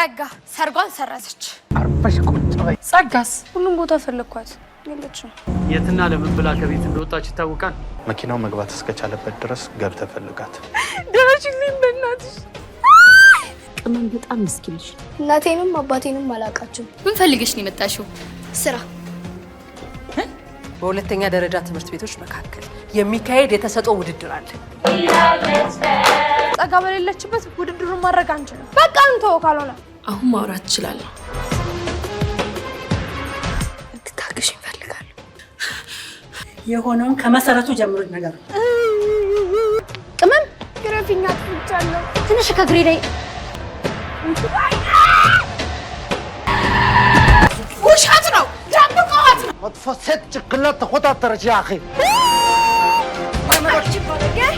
ጸጋ ሰርጓን ሰረዘች። አርፈሽ ቁጭ በይ። ጸጋስ ሁሉም ቦታ ፈለግኳት የለችም። የትና ለምን ብላ ከቤት እንደወጣች ይታወቃል። መኪናው መግባት እስከቻለበት ድረስ ገብተ ፈልጋት። ደረሽልኝ በእናትሽ። ቅመም በጣም ምስኪን እናቴንም አባቴንም አላውቃቸው። ምን ፈልገሽ ነው የመጣሽው? ስራ በሁለተኛ ደረጃ ትምህርት ቤቶች መካከል የሚካሄድ የተሰጠው ውድድር አለ። ጸጋ በሌለችበት ውድድሩን ማድረግ አንችልም። በቃ እንተወው ካልሆነ አሁን ማውራት እችላለሁ። እንድታግሽ ይፈልጋለሁ። የሆነውን ከመሰረቱ ጀምሮ ነገር ቅመም ግረፊኛ ትቻለሁ ትንሽ ከግሬ ላይ ውሸት ነው ደብቀዋት ነው መጥፎ ሴት ጭንቅላት ተቆጣጠረች። ያ